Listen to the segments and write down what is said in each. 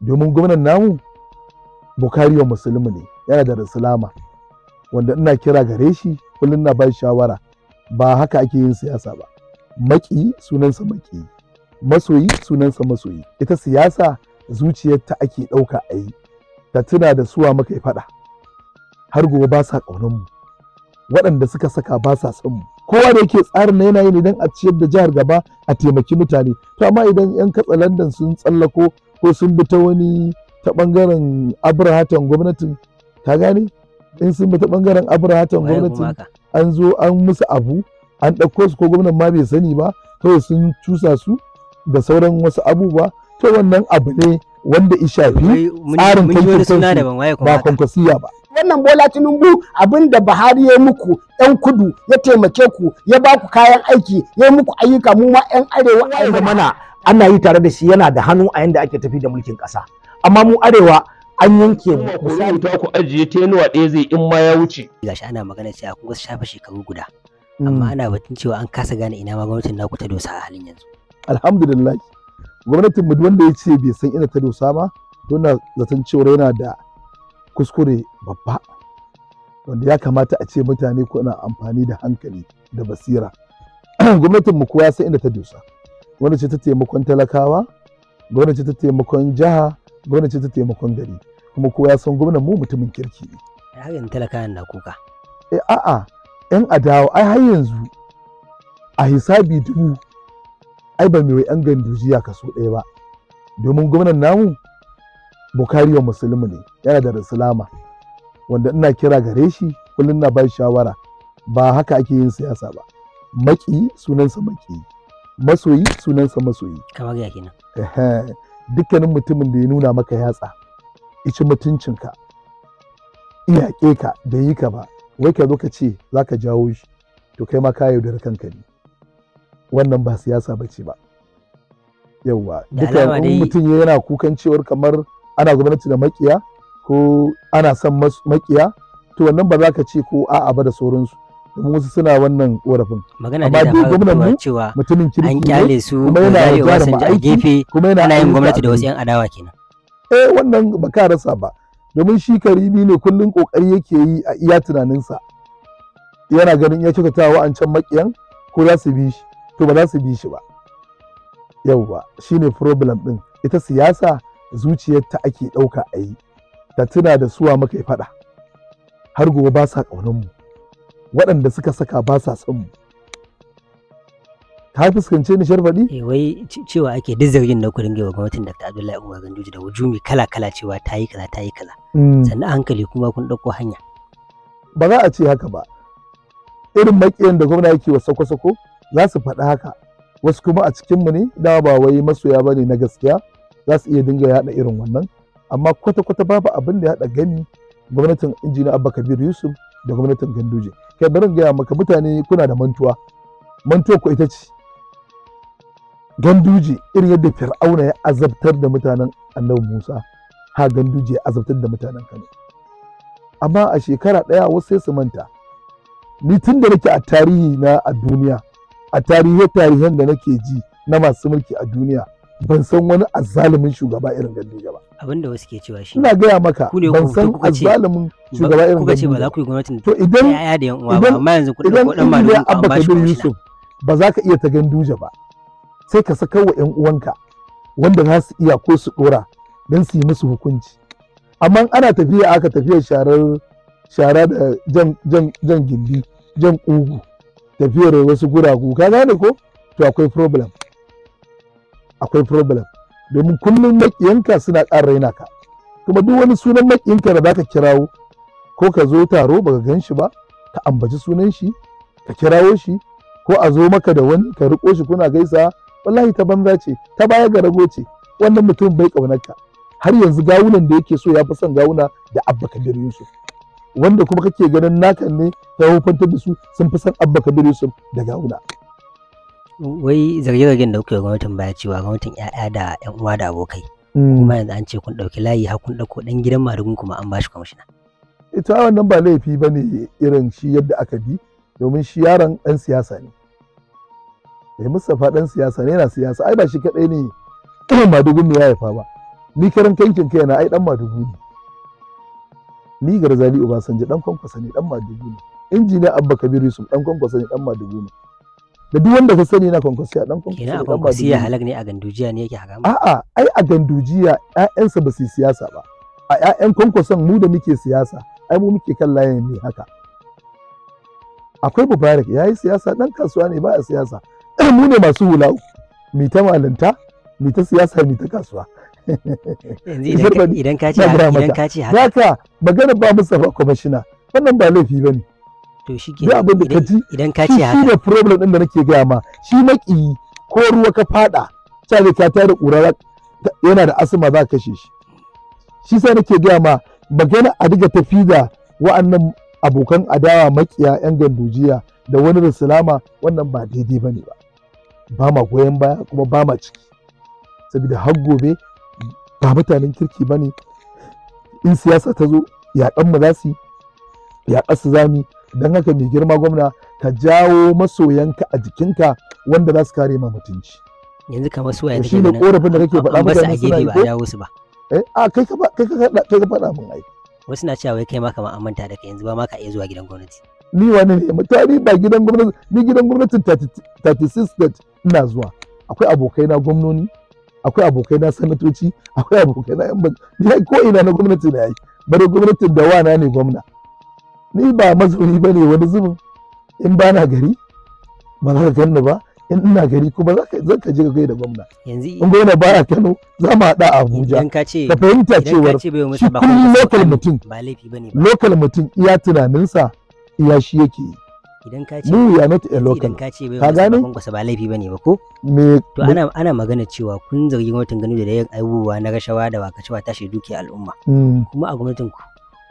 domin gwamnan namu bukari wa musulmi ne yana da risalama wanda ina kira gare shi kullum na bai shawara ba haka ake yin siyasa ba maki sunansa maki masoyi sunansa masoyi ita siyasa zuciyarta ake ɗauka a yi ta tuna da suwa muka yi faɗa har gobe ba sa mu waɗanda suka saka ba sa son mu kowa da yake tsarin na yanayi ne don a ciyar da jihar gaba a taimaki mutane to amma idan 'yan katsalandan sun tsallako ko sun bi ta wani ta bangaren abrahatan gwamnatin ka gane in sun bi ta bangaren abrahatan gwamnatin an zo an musu abu an ɗauko su ko gwamnan ma bai sani ba kawai sun cusa su da sauran wasu abubuwa to wannan abu ne wanda ya shafi tsarin kankin ba kwankwasiya ba wannan bola tinubu abin da buhari ya muku yan kudu ya taimake ku ya ba ku kayan aiki ya muku ayyuka mu ma yan arewa a mana ana yi tare da shi yana da hannu a yanda ake tafi da mulkin ƙasa amma mu arewa an yanke mu misali ta ku ajiye ta yanuwa ɗaya zai in ma ya wuce gashi ana magana cewa kun shafa shekaru guda hmm. amma ana batun cewa an kasa gane ina ma gwamnatin naku ta dosa a halin yanzu alhamdulillah gwamnatin mu wanda ya ce bai san ina ta dosa ba to na zaton cewa yana da kuskure babba wanda ya kamata a ce mutane ko ana amfani da hankali da basira gwamnatin mu kowa ya san inda ta dosa gwamnati ta taimakon talakawa gwamnati ta taimakon jiha gwamnati ta taimakon gari kuma kowa ya san gwamnan mu mutumin kirki ne har yanzu na kuka eh a'a yan adawa ai har yanzu a hisabi dubu ai ba mai yan gandujiya kaso ɗaya ba domin gwamnan namu bukari wa musulmi ne yana da rasulama wanda ina kira gare shi kullum na ba shawara ba haka ake yin siyasa ba maki sunansa maki masoyi sunansa masoyi kamar ya kina. dukkanin mutumin da ya nuna maka yatsa ici mutuncinka iyaƙe ka da yi ka ba wai ka zo ka ce za ka jawo shi to kai ma ka yaudar kanka ne wannan ba siyasa ba ce ba yauwa dukkanin mutum yana kukan cewar kamar ana gwamnati da makiya ko ana son makiya to wannan ba za ka ce ko a'a ba da sauransu Kuma wasu suna wannan korafin magana da gwamnan mu cewa mutumin kirki an kyale su kuma yana gyara a gefe kuma yana yin gwamnati da wasu yan adawa kenan eh wannan ba ka rasa ba domin shi karimi ne kullum kokari yake yi a iya tunaninsa yana ganin ya cika ta an can makiyan ko za su bi shi to ba za su bi shi ba yauwa shine problem din ita siyasa zuciyarta ake ɗauka a yi ta tuna da suwa muka yi faɗa har gobe ba sa ƙaunar mu waɗanda suka saka ba sa son mu ka fuskance ni sharfaɗi? eh wai cewa ake duk zargin na kudin gaba gwamnatin da abdullahi umar ganduji da wujumi kala kala cewa ta yi kaza ta yi kaza mm. sannan hankali kuma kun ɗauko hanya ba za a ce haka ba irin maƙiyan da gwamna yake wa sako-sako za su faɗa haka wasu kuma a cikinmu ne da ba wai masoya ba ne na gaskiya za su iya dinga yaɗa irin wannan amma kwata-kwata babu abin da ya haɗa gani gwamnatin injiniya abba kabir yusuf da gwamnatin Ganduje kai bari gaya maka mutane kuna da mantuwa mantuwa ko ita ce Ganduje irin yadda Fir'auna ya azabtar da mutanen Annabi Musa ha Ganduje ya azabtar da mutanen Kano amma a shekara ɗaya wasu sai su manta ni tun da nake a tarihi na a duniya a tarihe tarihen da nake ji na masu mulki a duniya ban san wani azzalumin shugaba irin Ganduje ba da wasu ke cewa shi ina gaya maka ban san azzalumin shugaba irin Ganduje kuka ce ba za ku yi gwamnatin to idan yaya da yan uwa ba amma yanzu malamin ba shi Yusuf ba za ka iya ta duja ba sai ka saka wa yan uwanka wanda za su iya ko su dora dan su yi musu hukunci amma ana tafiya aka tafiya sharar shara da jan jan jan gindi jan kugu tafiyar wasu guragu ka gane ko to akwai problem akwai problem domin kullum maƙiyanka suna ƙara raina ka kuma duk wani sunan maƙiyanka da zaka kirawo ko ka zo taro baka gan shi ba ka ambaci sunan shi ka kirawo shi ko a zo maka da wani ka riko shi kuna gaisa wallahi ta banza ce ta baya ga rago ce wannan mutum bai ƙaunarka har yanzu gawunan da yake so ya fi son gawuna da abba kabir yusuf wanda kuma kake ganin nakan ne ta hukuntar da su sun fi son abba kabir yusuf da gawuna wai zarge-zargen da kuke gwamnatin baya cewa gwamnatin 'ya'ya da 'yan uwa da abokai mm. kuma yanzu an ce kun ɗauki layi har kun ɗauko ɗan gidan marugun kuma an bashi kwamishina. ita wannan ba laifi ba ne irin shi yadda aka bi domin shi yaron ɗan siyasa ne eh mustapha ɗan siyasa ne yana siyasa ai ba shi kaɗai ne madugun ya haifa ba ni karan kankin kai na ai ɗan madugun ne ni garzali obasanjo ɗan kwankwasa ne ɗan madugun ne injiniya abba kabiru yusuf ɗan kwankwasa ne ɗan madugun ne da duk wanda ka sani na konkosiya dan konkosiya kenan kwankwasiya halak ne a gandujiya ne yake haramu a'a ai a gandujiya ƴaƴansa ba su siyasa ba a ƴaƴan konkosan mu da muke siyasa ai mu muke kan layin ne haka akwai mubarak ya yi siyasa dan kasuwa ne ba a siyasa mu ne masu hula mi ta malinta mi ta siyasa mi ta kasuwa yanzu idan ka ce haka magana ba mustafa kwamishina wannan ba laifi ba ne to shi ke abin da ka idan ka ce haka shi ne problem din da nake gaya ma shi maki ko ruwa ka fada ta ne ka tare kurara yana da asma za ka kashe shi shi sai nake gaya ma magana a diga tafi da wa'annan abokan adawa makiya yan gandujiya da wani da salama wannan ba daidai ba ne ba ba ma goyon baya kuma ba ma ciki saboda har gobe ba mutanen kirki ba ne in siyasa ta zo yaƙan mu za su su za mu don haka mai girma gwamna ka jawo masoyanka a jikinka wanda za su kare ma mutunci yanzu kamar su waye shi ne korafin da kake faɗa ba a gefe ba a jawo su ba eh a kai ka kai ka kai ka faɗa mun ai wasu na cewa wai kai ma kamar ma manta da kai yanzu ba ma ka iya zuwa gidan gwamnati ni wani ne mutane ba gidan gwamnati ni gidan gwamnati 36 state ina zuwa akwai abokai na gwamnoni akwai abokai na sanatoci akwai abokai na yan ban ko ina na gwamnati na yayi bare gwamnatin da wana ne gwamna ni ba mazauni ba ne wani zubin in ba na gari ba za ka ganni ba in ina gari kuma za ka je kai da gwamna in gwamna ba a kano za mu haɗa abuja ka fahimta cewar shi kullum lokal mutum lokal mutum iya tunaninsa iya shi yake yi idan ka ce mu ya not a local ka ce bai wani kwankwasa ba laifi bane ba ko me to ana ana magana cewa kun zargi gwamnatin gano da yin aibuwa na rashawa da wakacewa tashi dukiyar al'umma hmm. kuma a gwamnatin ku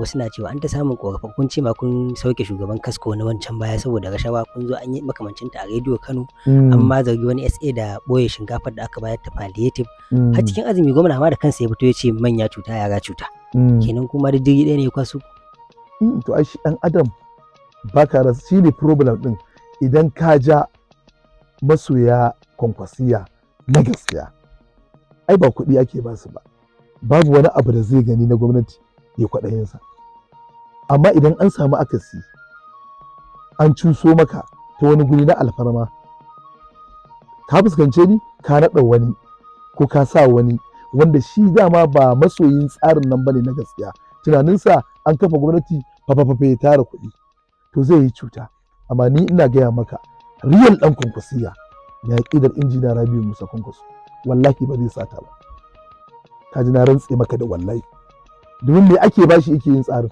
wasu na cewa an ta samun korafa kun ce ma kun sauke shugaban kasko na wancan baya saboda rashawa kun zo an yi makamancin ta a rediyo Kano mm. amma zargi wani SA da boye shinkafar da aka bayar ta palliative mm. har cikin azumi gwamna ma da kansa ya fito ya ce manya cuta yara cuta mm. kenan kuma da jirgi ɗaya ne ya kwaso to ai shi ɗan adam baka rasa shi ne problem ɗin idan ka ja masoya kwankwasiya na gaskiya ai ba kuɗi ake ba su ba babu wani abu da zai gani na gwamnati ya kwaɗayinsa amma idan an samu akasi an cuso maka ta wani guri na alfarma ka fuskance ni ka naɗa wani ko ka sa wani wanda shi dama ba masoyin tsarin nan bane na gaskiya tunaninsa an kafa gwamnati fafafafa ya tara kuɗi to zai yi cuta amma ni ina gaya maka riyal ɗan kwankwasiya ya ƙidar injina rabiu musa kwankwaso wallahi ba zai sata ba ka ji na rantse maka da wallahi domin me ake bashi yake yin tsarin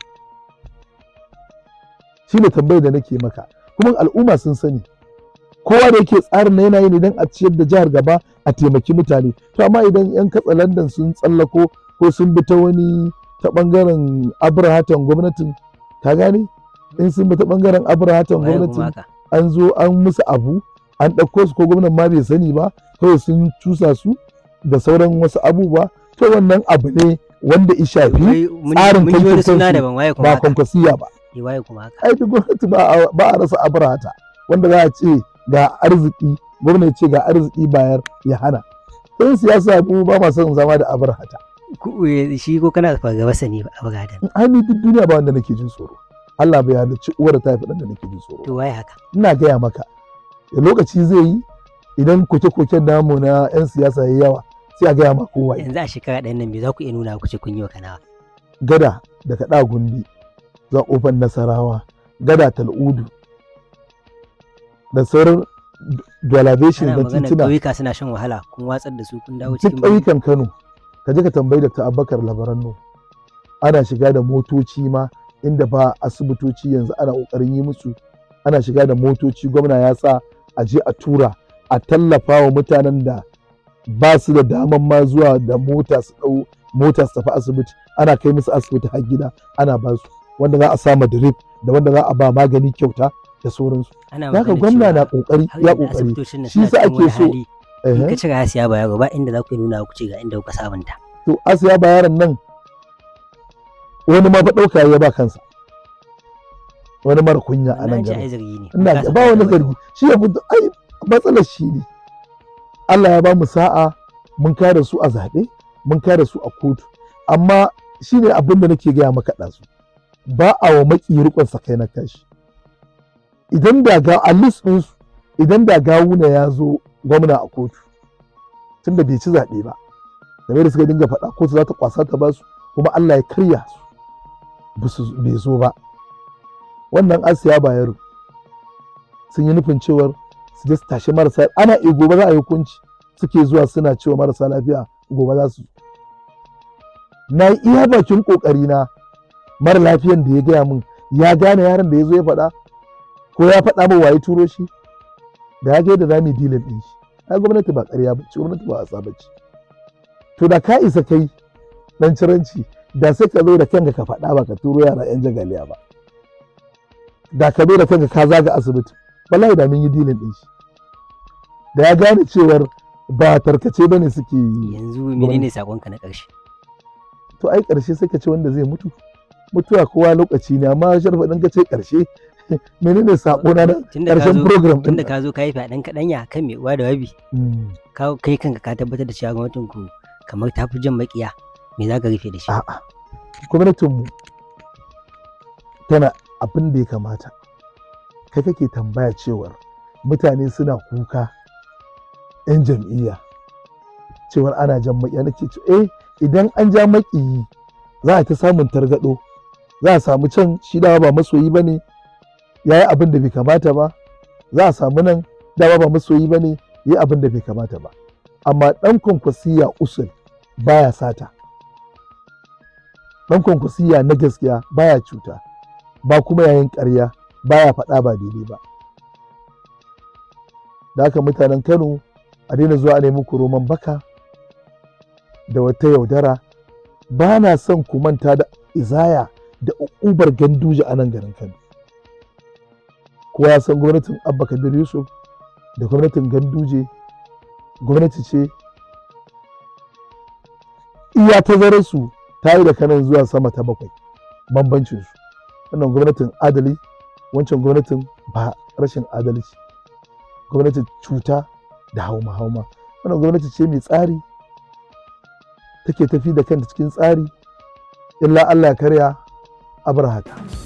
shine tambayar da nake maka kuma al'umma sun sani kowa da yake tsarin na yanayi ne don a ciyar da jihar gaba a taimaki mutane to amma idan yan landan sun tsallako ko sun bi ta wani ta bangaren abrahatan gwamnatin ka gane in sun bi ta bangaren abrahatan gwamnatin an zo an musu abu an ɗauko su ko gwamnan ma bai sani ba kawai sun cusa su da sauran wasu abubuwa to wannan abu ne wanda shafi tsarin kankin ba kwankwasiya ba riwaya kuma haka ai gwamnati ba a rasa abrata wanda za a ce ga arziki gwamnati ce ga arziki bayar ya hana in siyasa mu ba ma son zama da abrata eh, shi ko kana fargaba sani ba abradan ai ni duk duniya ba wanda nake jin tsoro Allah bai ci uwar ta fi da nake jin tsoro to waye haka ina gaya maka lokaci zai yi idan koke-koken namu na 'yan siyasa ya yi yawa sai a gaya ma kowa yanzu a shekara ɗayan nan me za ku iya nuna ku kun yi wa kanawa gada da kaɗa gundi zan za'ufan nasarawa gada tal'udu da sauran dolavishin da tituna ƙauyuka suna shan wahala kun watsar da su kun dawo cikin ƙauyukan kano ka je ka tambayi dr abubakar labaranno ana shiga da motoci ma inda ba asibitoci yanzu ana ƙoƙarin yi musu ana shiga da motoci gwamna ya sa a je a tura a tallafa wa mutanen da ba su da daman ma zuwa da mota su ɗau mota su tafi asibiti ana kai musu asibiti har gida ana ba su wanda za a sa drip da wanda za a ba magani kyauta da sauransu haka gwamna na kokari ya kokari shi sa ake so eh. ka ci asiya ba yaro ba inda za ku nuna ku ci ga inda kuka sabunta to asiya ba yaron nan wani ma fa dauka ya ba kansa wani mara kunya a nan gaba ina ba wani zargi shi ya fito ai matsalar shi ne Allah ya ba mu sa'a mun kare su a zaɓe mun kare su a kotu amma shine abin da nake gaya maka ɗazu ba a wa maki rikon kai na kashi, idan da ga alis ɗinsu idan da gawuna ya zo gwamna a kotu tun da bai ci zaɓe ba game da suka dinga faɗa kotu za ta kwasa ta basu kuma Allah ya karya su bai zo ba wannan asiya bayero sun yi nufin cewar su je su tashi marasa ana iya gobe za a yi hukunci suke zuwa suna cewa marasa lafiya gobe za su na iya bakin ƙoƙari na mara lafiyan da ya gaya min ya gane yaron da ya zo ya faɗa ko ya faɗa min waye turo shi da ya ga yadda za mu ɗin shi ai gwamnati ba ƙarya ba ce gwamnati ba a tsaba ce to da ka isa kai dan ciranci da sai ka zo da kanka ka faɗa ba ka turo yara yan jagaliya ba da ka zo da kanka ka zaga asibiti wallahi da mun yi dilan ɗin shi da ya gane cewar ba tarkace ba ne suke yi yanzu menene sakonka na ƙarshe to ai ƙarshe sai ka ce wanda zai mutu mutuwa kowa lokaci ne amma sharfa ɗin ka ce ƙarshe menene saɓo na ƙarshen program tunda ka zo ka yi faɗin kaɗan ya kan mai uwa da wabi hmm. kai kanka ka tabbatar da cewa gwamnatin ku kamar ta fi jan makiya me za ka rufe da shi a'a gwamnatin mu tana abin da ya kamata kai kake tambaya cewar mutane suna kuka 'yan jam'iyya cewar ana jan makiya nake ce eh idan an ja maƙiyi za a ta samun targado za a samu can shi dawa ba masoyi ba ne ya yi abin da bai kamata ba za a samu nan dawa ba masoyi ba ne ya yi abin da bai kamata ba amma ɗan kwankwasiya usul baya sata ɗan kwankwasiya na gaskiya baya cuta ba kuma yayin ƙarya baya faɗa ba daidai ba da haka mutanen kano a daina zuwa a nemi roman baka da wata yaudara ba na son ku manta da izaya da ubar ganduje a nan garin kano kowa ya san gwamnatin abba kabir yusuf da gwamnatin ganduje gwamnati ce iya tazararsu ta yi da kanan zuwa sama ta bakwai bambancinsu wannan gwamnatin adali wancan gwamnatin ba rashin adalci gwamnatin cuta da hauma-hauma wannan gwamnati ce mai tsari take tafi da kanta cikin tsari illa allah karya أبرهتها